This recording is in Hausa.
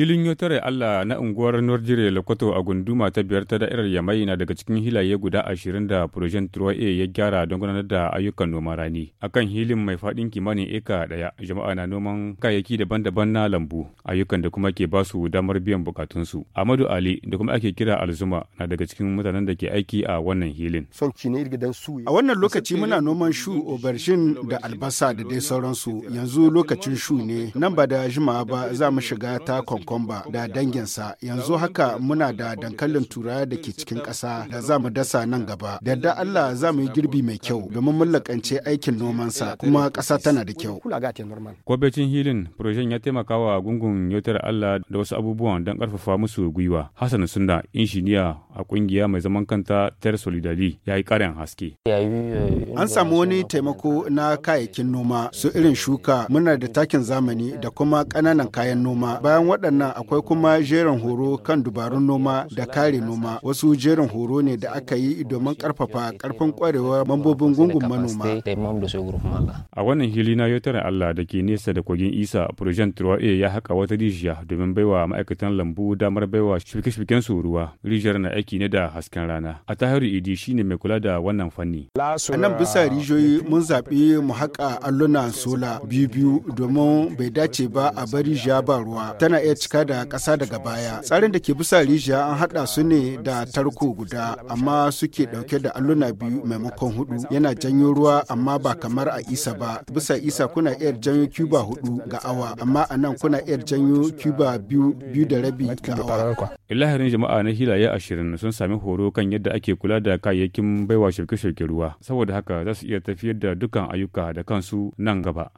filin Yotare Allah na unguwar Nordire Lokoto a gunduma ta biyar ta da'irar Yamai na daga cikin hilaye guda ashirin da Projen a ya gyara don gudanar da ayyukan noman rani. Akan hilin mai faɗin kimanin eka ɗaya jama'a na noman kayayyaki daban-daban na lambu ayyukan da kuma ke ba su damar biyan bukatunsu. Amadu Ali da kuma ake kira Alzuma na daga cikin mutanen da ke aiki a wannan hilin. A wannan lokaci muna noman shu obershin da albasa da dai sauransu yanzu lokacin shu ne nan ba da jima ba za mu shiga ta kwamba da danginsa yanzu haka muna da dankalin turawa da ke cikin ƙasa da za mu dasa nan gaba da da Allah za mu yi girbi mai kyau domin mallakance aikin nomansa kuma ƙasa tana da kyau. Kwabecin hilin projen ya taimaka wa gungun yautar Allah da wasu abubuwan don ƙarfafa musu gwiwa. Hassan Sunda, injiniya a kungiya mai zaman kanta ter solidali ya yi karin haske an samu wani taimako na kayayyakin noma su irin shuka muna da takin zamani da kuma ƙananan kayan noma bayan waɗannan akwai kuma jerin horo kan dubarun noma da kare noma wasu jerin horo ne da aka yi domin ƙarfafa ƙarfin ƙwarewa mambobin gungun manoma a wannan hili na yotar allah da ke nesa da kogin isa projen ya haƙa wata rijiya domin baiwa ma'aikatan lambu damar baiwa shuke su ruwa rijiyar na aiki ne da hasken rana. A Tahiru Idi shine mai kula da wannan fanni. A nan bisa rijiyoyi mun zaɓi mu haƙa alluna sola biyu-biyu domin bai dace ba a bar rijiya ba ruwa tana iya cika da ƙasa daga baya. Tsarin da ke bisa rijiya an haɗa su ne da tarko guda amma suke ɗauke da alluna biyu maimakon hudu yana janyo ruwa amma ba kamar a isa ba. Bisa isa kuna iya janyo cuba hudu ga awa amma a nan kuna iya janyo cuba biyu biyu da rabi ga awa. laharin jama'a na hilaye ashirin sun sami horo kan yadda ake kula da kayayyakin baiwa shirke-shirke ruwa saboda haka za su iya tafiyar da dukkan ayyuka da kansu nan gaba.